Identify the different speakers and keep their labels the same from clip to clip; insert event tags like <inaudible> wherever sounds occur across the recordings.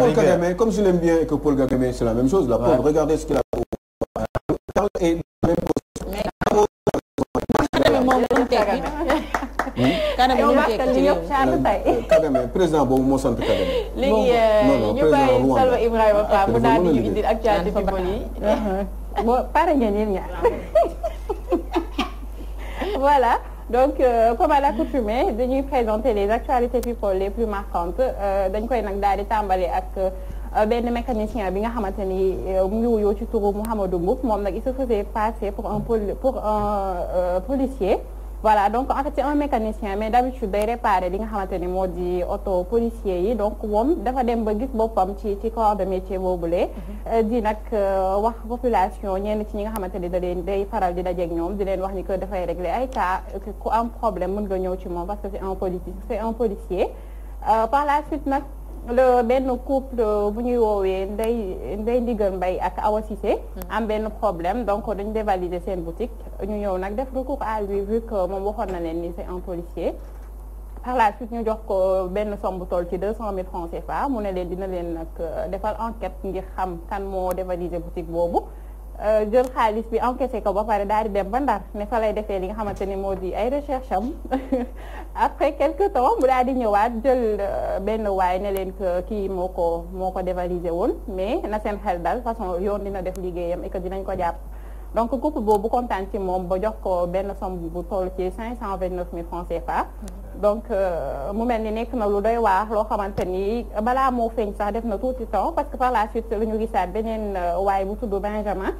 Speaker 1: Paul Kagame, comme je l'aime bien que Paul Kagame, c'est la même chose. La pauvre, regardez ce qu'il a et même Kagame président boobu moo sant Kagame. léegi euh, ñu bàyyi Salwa
Speaker 2: Ibrahima Fall ah, mu daal di ñu indil
Speaker 3: actualité people yi. <laughs> boo pare ngeen yéen ñaar <laughs> voilà. donc euh, comme à l'accoutumée dañuy présenter les actualités people les plus marquantes euh, dañ koy nag daal di tàmbale ak euh, benn mécanicien bi nga xamante ni euh, mu ngi wuyoo ci turu Mouhamadou Mboup moom nag il se faisait passer pour un pour un policier voilà donc en fait un mécanicien mais d'habitude day réparer li nga xamante ni moo di auto policier yi donc moom dafa dem ba gis boppam ci ci corps de métier boobule. Mm-hmm. Euh, di nag euh, wax population ñenn ci ñi nga xamante ni da leen day faral di dajeeg ñoom di leen wax ni que dafay régler ay cas ku am problème mën nga ñëw ci moom parce que c'est un policier c'est un policier euh, par la suite nag. le benn couple bu ñuy woowee Ndey Ndey Ndigal Mbay ak Awa Cissé mm-hmm. am benn problème donc dañ dévalider seen boutique ñu ñëw nag def recours ko lui vu que moom waxoon na leen ni c'est un policier par la suite ñu jox ko benn somb toll ci deux cent mille francs CFA mu ne leen dina leen nag euh, defal enquête ngir xam kan moo dévaliser boutique boobu Euh, jël xaalis bi encaissé ko ba pare daal di dem ba ndar ne fa lay defee li nga xamante ni moo di ay recherche am <laughs> après quelque temps mu daal di ñëwaat jël euh, benn waay ne leen que kii moo ko moo ko dévalisé woon mais na seen xel dal façon yoon dina def liggéeyam et que nañ ko jàpp. donc groupe boobu kontaan ci moom ba jox ko benn somme bu toll ci cinq cent vingt neuf mille francs CFA mm-hmm. donc euh, mu mel ni nekk na lu day waax loo xamante ni balaa moo feeñ sax def na tuuti temps parce que par la suite lu gisaat beneen euh, waaye bu tudd Benjamin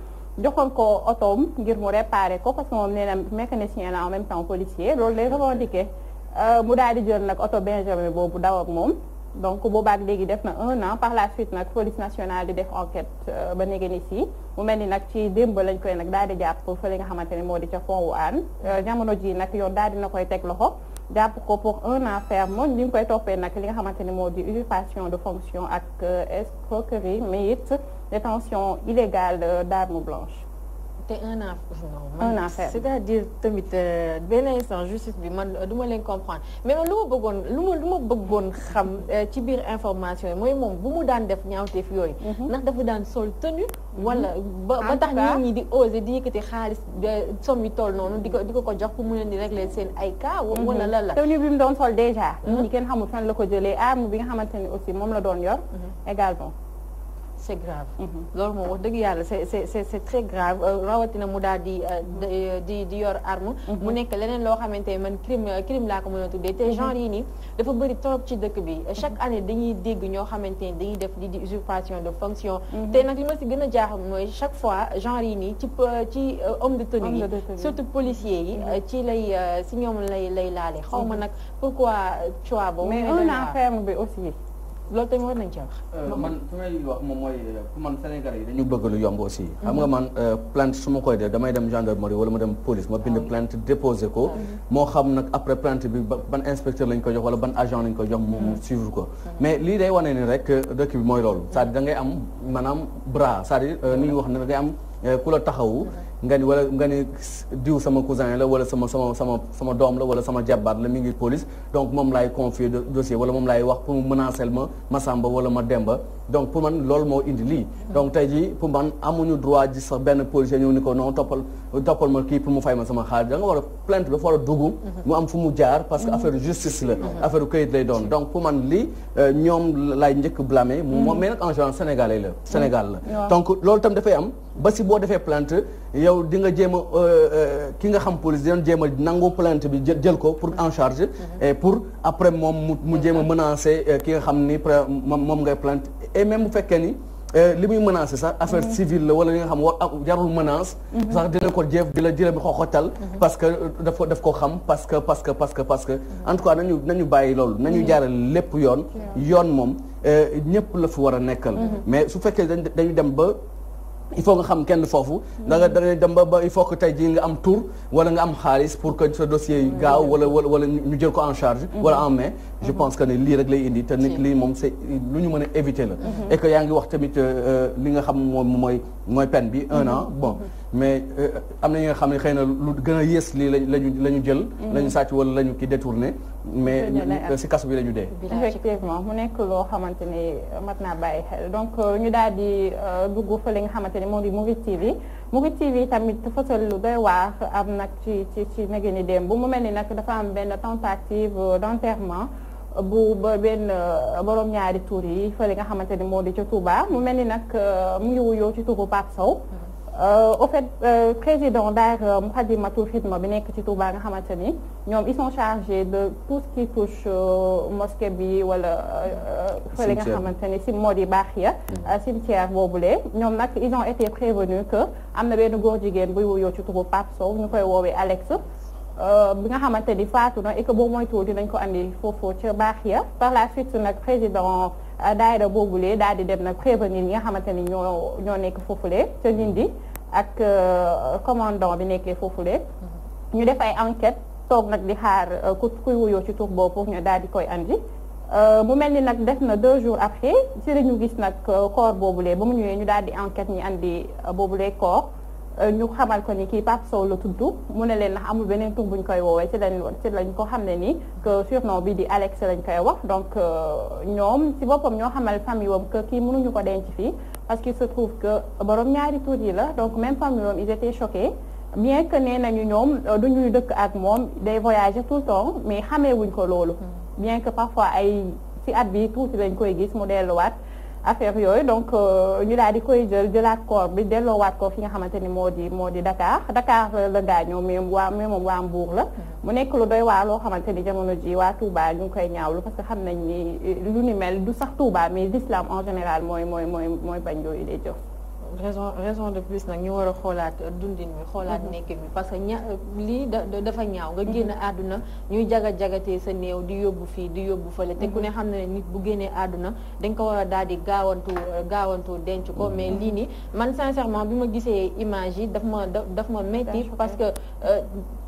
Speaker 3: joxoon ko otoom ngir mu réparé ko parce que moom nee na mécanicien la en même temps policier loolu lay revendiqué euh, mu daal di jël nag oto Benjamin boobu daw ak moom donc boobaak léegi def na un an par la suite nag police nationale di def enquête euh, ba nekkee ni si mu mel ni nag ci démb lañ koy nag daal di jàpp li nga xamante ne moo di ca fond wu aan euh, jamono ji nag yoon daal na koy teg loxo jàpp ko pour un an ferme ñu ngi koy toppee nag li nga xamante ne moo di usurpation de fonction ak euh, escroquerie mais it détention illégale d'armes blanches
Speaker 2: te un an un an ferme c'est-à-dire tamit euh, benn instant justice bi man du ma leen comprendre mais man lu ma bëggoon lu ma lu ma bëggoon xam euh, ci biir information yi mooy moom bu mu daan def ñaawteef yooyu. Mhm. ndax dafa daan sol tenue. wala mhm. ba ba tax nit ñi di oser di yëkkati xaalis somme yi toll noonu di ko di ko ko jox pour mu leen di régler seen ay cas. Mhm. wala lan la tenue
Speaker 3: bi mu doon sol déjà. ñi kenn xamul fan la ko jëlee arme bi nga xamante ni aussi moom la doon yor. également. c'est grave mhm. loolu moom wax dëgg yàlla c'est c'est c'est c'est très grave euh, rawatina mu daal di euh,
Speaker 2: euh, di di yor arme mhm. mu nekk leneen loo xamante ne man crime crime laa ko mën a tuddee te mhm. genre yi nii dafa bëri trop ci dëkk bi chaque année dañuy dégg ñoo xamante ne dañuy def di di usurpation de fonction te nag li ma si gën a jaaxal mooy chaque fois genre yi nii ci ci homme de tenue yi surtout policiers yi ci lay si ñoom lay lay laale xaw ma nag pourquoi choix boobu mais on a ferme bi aussi loolu tamit war nañ ca wax. Euh, man
Speaker 4: wax moom mooy euh, man Sénégal yi dañu bëgg lu yomb aussi. xam nga man euh, plainte su ma koy def damay dem gendarmerie wala ma dem police ma bind ah plainte déposé ko. Ah moo xam nag après plainte bi ba ban inspecteur lañ ko jox wala ban agent lañ ko jox moom ah. suivre ko. mais lii day wane ni rek dëkk bi mooy loolu. saa à dire da ngay am maanaam bras c'est-à-dire ni ñu wax ne da am ku la taxawu. nga ni wala nga ni diw sama cousin la wala sama sama sama sama doom la wala sama jabar la mi ngi police donc moom laay confier dossier wala moom laay wax pour mu menacer ma Masamba wala ma Demba donc pour man loolu moo indi lii. donc tey jii pour man amuñu droit ji sax benn policier ñëw ni ko non toppal toppal ma kii pour mu fay ma sama xaalis da nga war a plainte dafa war a dugg. mu am fu mu jaar parce que mm-hmm. affaire justice la. Mm-hmm. affaire këyit lay doon donc pour man lii euh, ñoom njëkk blâmer. Mm-hmm. moom mais en général sénégalais la Sénégal la donc loolu tam dafay am. ba si boo defee plainte yow di nga jéem a euh, euh, ki nga xam police di doon jéem a nangu plainte bi jël ko pour en pour après moom mu mu jéem a menacer euh, ki nga xam ni moom ngay plainte et même bu fekkee ni. li muy menacé sax affaire civile la wala li nga xam war jarul menace sax dina ko jéef di la jërëm xoxotal parce que daf ko daf ko xam parce que parce que parce que parce que en tout cas nañu bàyyi loolu nañu jaaral lépp yoon yoon moom ñëpp la fu war a nekkal mhm. mais su fekkee dañu dem ba il faut nga xam kenn foofu. da nga da ba ba il faut que tey ji nga am tour wala nga am xaalis pour que sa dossier yi gaaw wala wala ñu jël ko en charge. Mm-hmm. wala en main je mm-hmm. pense que ne lii rek lay indi te nit lii moom c'est lu ñu mën a éviter la. Mm-hmm. et que yaa ngi wax tamit euh, euh, li nga xam moom mooy mooy peine bi un an bon mais euh, am na ñi nga xam ne xëy na lu gën a yées lii la la ñu la ñu jël. la ñu sàcc wala la ñu ki détourné. mais si kaso bi la ñu dee.
Speaker 3: effectivement mu nekk loo xamante ni mat naa bàyyi xel donc euh, ñu daal di euh, dugg fële nga xamante ni moo di Mouride TV Mouride TV tamit fësal lu doy waar am nag ci ci ci nege ni démb bu mu mel ni nag dafa am benn tentative euh, d'enterrement bu ba benn borom ñaari tur yi fële nga xamante ni moo di ca Touba mu mel ni nag mu ngi wuyoo ci turu Pape Sow. Mhm. Euh, au fait euh, président daayira Moukhaddamatoul Khidma bi nekk ci Touba nga xamante ni ñoom ils sont chargés de tout ce qui touche euh, mosquée bi wala fële nga xamante ni si moo di baax ya mm. cimetière boobule ñoom nag ils ont été prévenus que am na benn góor jigéen buy wuyoo ci turu Pape Sow ñu koy woowee Alex bi nga xamante ni faatu na et que boo moytuwul dinañ ko andi foofu ca baax ya par la suite nag président Euh, boobu lee daal di dem nag prévenir ñi nga xamante ni ñoo ñoo nekk foofule ca Ndindi ak euh, commandant bi nekkee foofule. Mm-hmm. ñu def ay enquête toog nag di xaar euh, ku kuy wuyoo ci tur boobu pour daal di koy andi. mu mel ni nag def na deux jours après ci la ñu gis nag corps boobule ba mu ñëwee ñu daal di enquête ñi andi boobule corps. ñu xamal ko ni kii Pape Sow la tudd mu ne leen nax amul beneen tur buñ koy woowee ci lañ ci lañ ko xam ne nii que surnom bi di Alex lañ koy wax donc euh, ñoom ci boppam ñoo xamal famille wam que kii mënuñu ko denc fii parce qu'il se trouve que borom ñaari tur yi la donc même famille wam ils étaient choqués bien que nee nañu ñoom euh, du ñuy dëkk ak moom de voyager tout le temps mais xamee wuñ ko loolu hmm. bien que parfois ay ci at bi tuuti lañ koy gis mu delluwaat affaire yooyu donc euh, ñu daal di koy jël jëlaat corps bi delloowaat ko fi nga xamante ni moo di moo di Dakar Dakar euh, la gaañoo mais waa mais waa mbuur la. Mm. mu nekk lu doy waa loo xamante ni jamono ji waa Touba ñu ngi koy ñaawlu parce que xam nañ ni euh, lu ni mel du sax Touba mais l'islam en général mooy mooy mooy mooy bañ yooyu lay jëf.
Speaker 2: raison raison de plus nag ñu war a xoolaat dundin bi xoolaat mhm. nekkin bi parce que ña lii da dafa ñaaw nga génn mhm. àdduna ñuy jaga-jagatee sa néew di yóbbu fii di yóbbu fële te ku ne mhm. xam ne nit bu génnee àdduna dañ ko war a daal di gaawantu gaawantu denc ko mais lii nii man sincèrement bi ma gisee image yi daf ma daf ma métti parce que euh,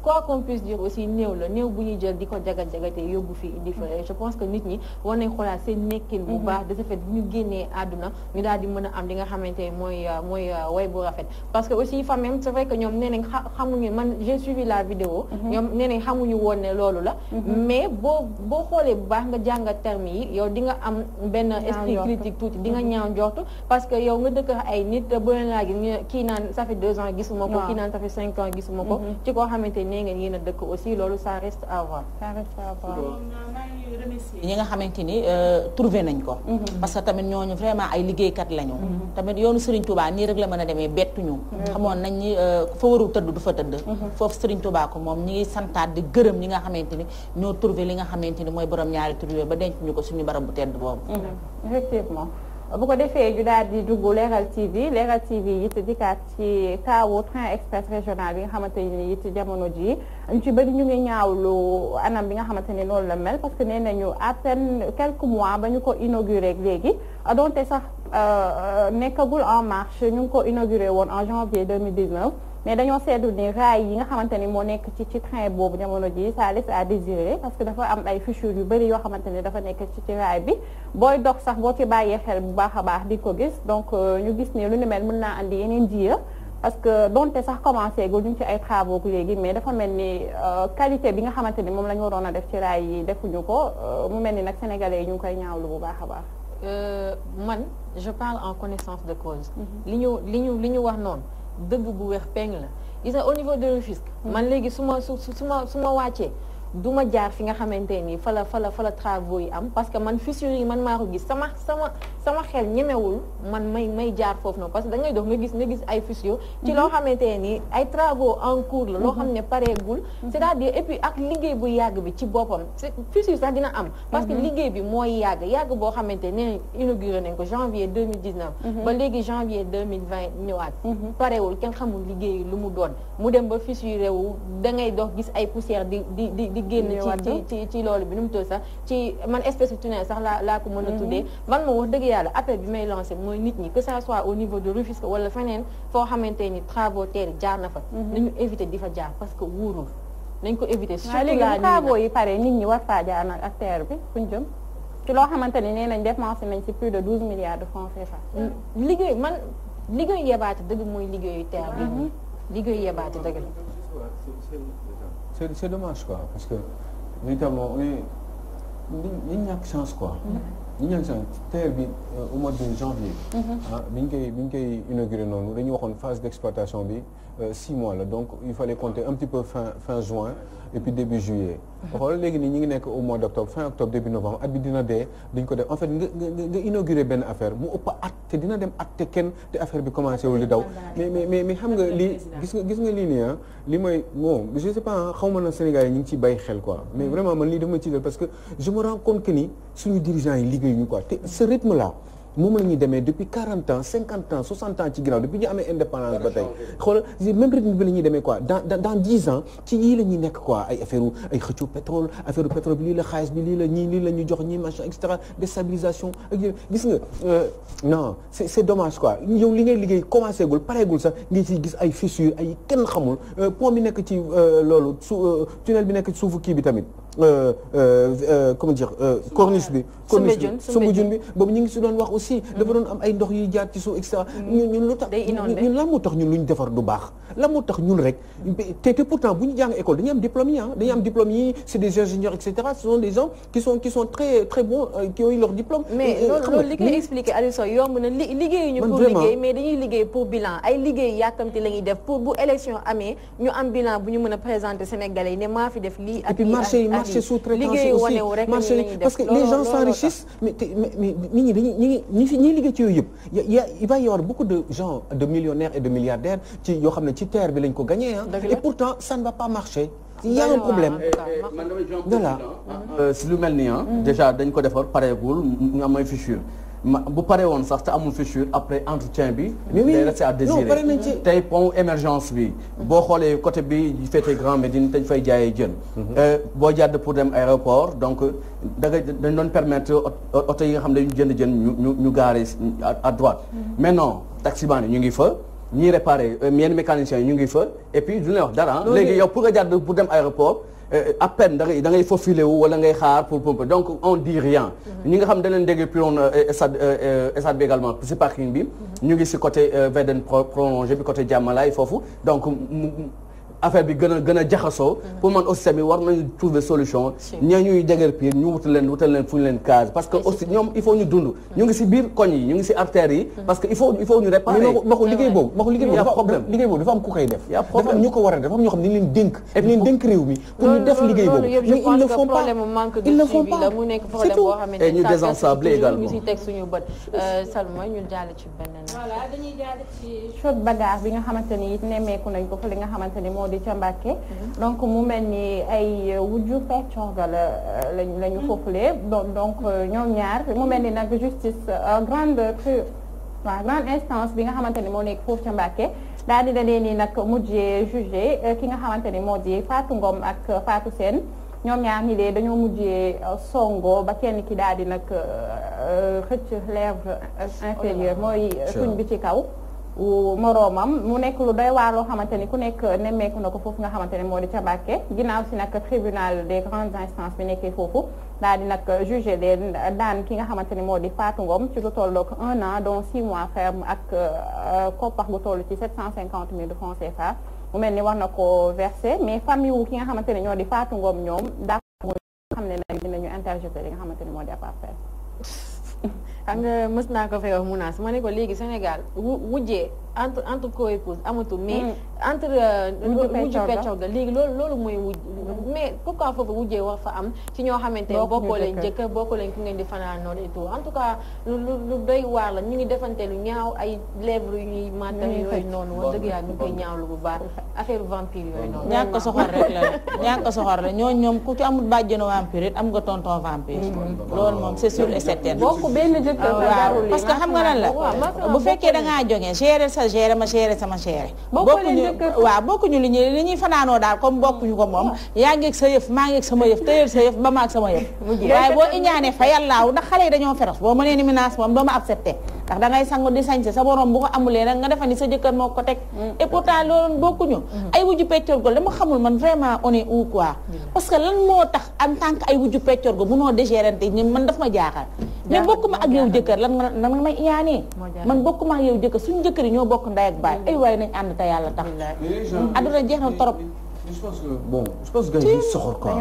Speaker 2: quoi qu'on puisse dire aussi néew la néew bu ñuy jël di ko jagat-jagate yóbbu fii indi fële mm-hmm. je pense que nit ñi war nañ xoolaat seen nekkin bu baax mm-hmm. de ce fait bu ñu génnee àdduna ñu daal di mën a am li nga xamante mooy euh, mooy euh, way bu rafet parce que aussi fa même c'est vrai que ñoom nee xamuñu man j'ai suivi la vidéo mm-hmm. ñoom nee nañ xamuñu woon ne loolu la mais boo boo xoolee bu baax nga jàngat terme yi yow di nga am benn esprit critique tuuti di nga ñaaw njortu parce que yow nga dëkk ay nit bu leen laa naan ça fait deux gisuma ko kii naan gisuma ko nee ngeen a dëkk aussi loolu ça reste
Speaker 5: ñi nga xamante ni euh, trouvé nañ ko. Mhm. parce que tamit ñu vraiment ay liggéeykat lañu. Mhm. tamit yoonu Serigne Touba nii rek la mën a demee bettuñu. Mhm. xamoon nañ ni euh, fa warul tëdd du fa tëdd. foofu Serigne Touba ko moom ñi ngi santaat di gërëm ñi nga xamante ni ñoo trouvé li nga xamante ni mooy borom ñaari tur ba denc ñu ko suñu barab bu tedd boobu.
Speaker 3: bu ko defee ñu daal di dugg Leral TV Leral TV it dikkaat ci kaawu train express régional bi nga xamante ni it jamono ji ñu ci bëri ñu ngi ñaawlu anam bi nga xamante ni loolu la mel parce que nee nañu à peine quelques mois ba ñu ko inauguré léegi donte sax euh, euh, nekkagul en marche ñu ngi ko inauguré woon en janvier 2019 mais dañoo seetlu ni raay yi nga xamante ni moo nekk ci ci train boobu jamono ji ça laisse à désirer parce que dafa am ay fissures yu bëri yoo xamante ni dafa nekk ci ci bi booy dox sax boo ci bàyyee xel bu baax a baax di ko gis donc euh, ñu gis ni lu ni mel mën naa indi yeneen jiya parce que donte sax commencé gu ñu ci ay travaux léegi mais dafa mel ni euh, qualité bi nga xamante ni moom la ñu waroon a def ci raay yi defuñu ko euh, mu mel ni nag sénégalais yi ñu ngi koy ñaawlu bu baax a baax.
Speaker 2: man je parle en connaissance de cause. Mm-hmm. li ñu li ñu li ñu wax noonu. dëgg bu weex peng la gis nga au niveau de Rufisque man léegi su ma su su ma su ma wàccee du ma jaar fi nga xamante ni fa la fa la fa la travaux yi am parce que man fissure yi man maa ko gis sama sama sama xel ñemewul man may may jaar foofu na parce que da ngay dox nga gis nga gis ay fissure ci loo mhm. xamante ni ay travaux en cours la loo mhm. xam ne pareegul mhm. c'est-à-dire et puis ak liggéey bu yàgg bi ci boppam fissure sax dina am parce que liggéey bi mooy yàgg yàgg boo xamante ne inauguré nañ ko janvier 2019 ba léegi janvier 2020 ñëwaat parewul kenn xamul liggéey lu mu doon mu dem ba fissuré wu da ngay dox gis ay poussière di di di di génn ci ci ci loolu bi nu mu tudd sax ci man espèce de tunnel sax laa laa ko mën a mhm. tuddee man moom wax dëgg yàlla appel bi may lancé mooy nit ñi que ça soit au niveau de Rufisque wala feneen foo xamante ni travaux terre jaar na fa mhm. nañu éviter di fa jaar parce que wóorul nañ ko éviter surtout la travaux
Speaker 3: yi pare nit ñi war faa jaar nag ak terre bi fuñ jëm loo xamante ni nee nañ dépensé nañ ci plus de douze milliards de francs CFA liggéey man liggéeyu yebaate dëgg mooy liggéeyu terre liggéey yebaate dëgg la.
Speaker 1: c'est c'est dommage quoi parce que véritablement on est ñu ñàkk chance quoi. Union Saint TER bi au mois de janvier. ah bi ñu koy bi ñu koy inauguré noonu dañuy waxoon phase d' bi euh, six mois la donc il fallait compter un petit peu fin juin et puis début juillet. Mmh. xool léegi nii ñu ngi nekk au mois d' octobre fin octobre début novembre at bi dina dee dañ ko def en fait nga nga inauguré benn affaire mu ëpp at te dina dem at te kenn te affaire bi commencé wul daw. mais mais xam nga lii gis nga lii nii ah li may bon je sais pas ah, na Sénégal ñu ngi ciy bàyyi xel quoi mais mmh. vraiment man que je liggéey ñu quoi te ce rythme là moom la ñuy demee depuis 40 ans 50 ans ans ci ginnaaw depuis ñu amee indépendance ba tey xoolal même rythme bi la demee quoi dans dans ans ci yii la nekk quoi ay affaire ay xëccu pétrole affaire pétrole bi lii la xaalis bi lii la ñu jox ñii machin et déstabilisation ak yéen nga euh, non c'est c'est dommage yow li liggéey commencé gul pareegul sax nga ciy gis ay fissure ay kenn xamul euh, pont bi nekk ci euh, loolu tunnel bi nekk ci suufu kii bi Euh, euh, euh, comment dire bi corniche bi bi boobu ñu ngi si doon wax aussi dafa doon am ay ndox yuy jaar ci suuf et cetera mm. lu tax day lan moo tax ñun lu ñu defar du baax lan moo tax ñun rek te te pourtant bu ñu jàng école dañuy am diplôme yi ah dañuy am diplôme yi c'est des ingénieurs et cetera ce sont des gens qui sont qui sont très très bons qui leur diplôme mais loolu li koy
Speaker 2: expliqué Aliou Sow yomb na liggéeyuñu pour liggéey mais dañuy liggéey pour bilan ay liggéey yàkkamti la ñuy def pour bu élection amee bu ñu mën a présenter Sénégalais ne maa fi def lii ak marché sous traitance aussi marché parce que les gens s'enrichissent
Speaker 1: mais nit ñi dañuy ñi ngi ñi fi ñiy liggéey ci yooyu yëpp y a il va y avoir beaucoup de gens de millionnaires et de milliardaires ci yoo xam ne ci terre bi lañ ko gagné ah et
Speaker 4: pourtant ça ne va pas marcher il y a un problème ah, man damay voilà ah, ah, si lu mel nii ah déjà dañ ko defar pareegul ñu am ay fichures bu paree woon sax te amul fissure après entretien bi. day resté à désirer tey pont émergence bi. boo xoolee côté bi féete Grand Médine dañ fay jaayee jën. Mhm. Euh, boo jàdd pour dem aéroport donc da nga dañ doon permettre oto yi nga xam ne dañu jënd jën ñu ñu ñu gaare à droite. Mhm. mais non taximaan yi ñu ngi fa. ñii réparé euh, yenn mécaniciens yi ñu ngi fa et puis du ñu wax dara. léegi yow pour nga jàdd pour dem aéroport. Euh, à peine da ngay da ngay faufilé wu wala ngay xaar pour pompe donc on dit rien. Mhm. ñi nga xam da leen déggee piron euh, stade euh, stade bi également si parking bi. Mhm. ñu ngi si côté VDN prolongé bi côté Diamalaye foofu donc affaire bi gën a gën a jaxasoo pour man aussi tamit war nañu trouver solution ñee ñuy déger piir ñu wutal leen wutal leen fu ñu leen case parce que aussi ñoom il faut ñu dund ñu ngi si biir koñ yi ñu ngi si artères yi mm-hmm. parce que il faut il faut ñu réparer maxu liggéey boobu maxu liggéey boobu dafa problème liggéey boobu dafa am ku koy def dafa am ñu ko war a def dafa am ñoo
Speaker 1: xam ne leen dénk leen dénk réew mi pour ñu def liggéey boobu mais ils ne font pas
Speaker 2: ils ne font pas c'est tout et ñu désensabler également euh, Salma ñu jàll ci beneen
Speaker 3: voilà dañuy jàll ci chaude bagarre bi nga xamante ni nemmeeku nañ ko fa li nga xamante ni moo di ca Mbàkke donc mu mel ni ay wujju peccorga la lañu la ñu donc euh, ñoom ñaar mu mel ni nag justice euh, grande cru waaw grande instance bi nga xamante ni moo nekk foofu ca Mbàkke daal di leen ni nag mujjee jugé euh, ki nga xamante ni moo di Fatou Ngom ak Fatou seen ñoom ñaar ñi de dañoo mujjee songo ba kenn ki daal di nag xëcc lèvre inférieure mooy tuñ bi ci kaw moroomam mu nekk lu doy waar loo xamante ni ku nekk nemmeeku na ko foofu nga xamante ne moo di ca Mbàkke ginnaaw si nag tribunal des grandes instances bi nekkee foofu daal di nag jugé daan ki nga xamante ni moo di Fatou ngoom ci lu tolloog un an dont six mois ferme ak euh, koppax gu toll ci sept cent cinquante mille francs CFA mu mel ni wax na ko versé mais famille wu ki nga xamante ne ñoo di Fatou ngoom ñoom daa xam ne nag dinañu interjeté li nga xamante ni moo di ab
Speaker 2: xam nga mës naa ko fay wax mu naa su ma ne ko léegi Sénégal wu wujjee entre entre co épouse amatul. mais mm. entre. Euh, wujju peccor ga léegi loolu loolu mooy wujj. mais pourquoi foofu wujjee war fa am ci ñoo xamante ne bokkoo leen jëkkër bokkoo leen ku ngeen di fanaanoo et tout en tout cas lu lu doy waar la ñu ngi defante lu ñaaw ay lèvres yu ñuy màttal mm. yooyu noonu wax dëgg yàlla ñu koy ñaawlu bu baax affaire vampire yooyu
Speaker 5: noonu. ñàkk ko soxor rek la <laughs> ñàkk ko soxor ñoom ku ci amul bàjjenu vampire it am nga tonton vampire. Mm. loolu ko benn jëkkër ah, waaw parce que xam nga lan la bu fekkee da ngaa jógee sa gérer ma gérer sama gérer bokkuñu waaw bokkuñu li ñuy ñuy fanaanoo daal comme bokkuñu ko moom yaa ngeeg sa yëf maa ngeeg sama yëf tëyal sa yëf ba maag sama yëf <laughs> waaye boo iñaanee fa yàllaaw ndax xale yi dañoo ferox boo mënee ni menace moom doo ma accepté ndax da sangu di sañse sa borom bu ko amulee nag nga defa ni sa jëkkër moo ko teg mm. et pourtant loolu bokkuñu mm. ay wujju peccoor go dama xamul man vraiment on est où quoi mm. que lan moo tax en tant que ay wujju peccoor go munoo dégérante ñi daf ma jaaxal mais bokkuma ak yow jëkkër lan nga nan nga may iñaanee man bokkuma ak yow jëkkër suñu jëkkër yi ñoo bokk ndey ak baay mm. ay waaye nañ ànd te yàlla tax adduna jeex na torop
Speaker 4: je pense
Speaker 1: que bon je pense que gars yi soxor quoi.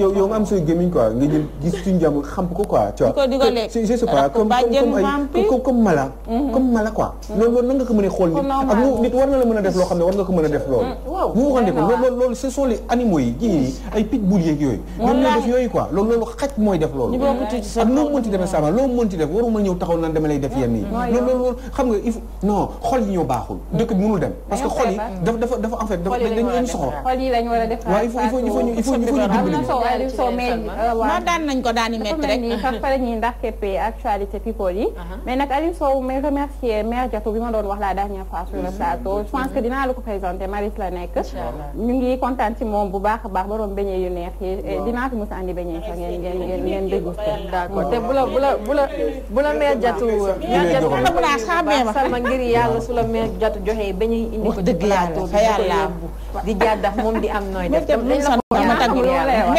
Speaker 1: yow nga am say gémmiñ quoi nga jël gis suñu jàmm xam ko quoi. tu comme mala. comme loolu loolu nan nga ko mën a xool nit. war na la mën a def loolu. waaw bu ko loolu loolu ce sont les animaux yi ay pitbull yeeg yooyu. loolu loolu xaj mooy def loolu. ak loo mënti def waruma ñëw taxaw naan dama lay def yenn yi. loolu loolu xam nga il faut non yi ñoo baaxul dëkk bi dem parce que xol yi dafa dafa dafa en fait dafa dañu soxor
Speaker 3: xol yi lañ war a def waaw il faut il faut il faut ñu il faut ñu am na soo Aliou Sow mais waaw daan nañ ko daani métti rek ni sax pare ñuy ndax keppee actualité people yi mais nag Aliou Sow may remercier maire Diatou bi ma doon wax la dernière fois sur le mhm. plateau je pense que mhm. dinaa la ko présenter Maris la nekk ñu ngi kontaan ci moom bu baax a baax borom beñe yu neex yi dinaa fi mos a andi beñe sax ngeen ngeen ngeen ngeen dégusté d'accord te
Speaker 2: bu la bu la bu la bu la maire Diatou maire Diatou xamee ma sama ngir yàlla su la maire Diatou joxee beñe indi ko dëgg yàlla fa yàlla
Speaker 5: di jaar ndax moom di am nooy def.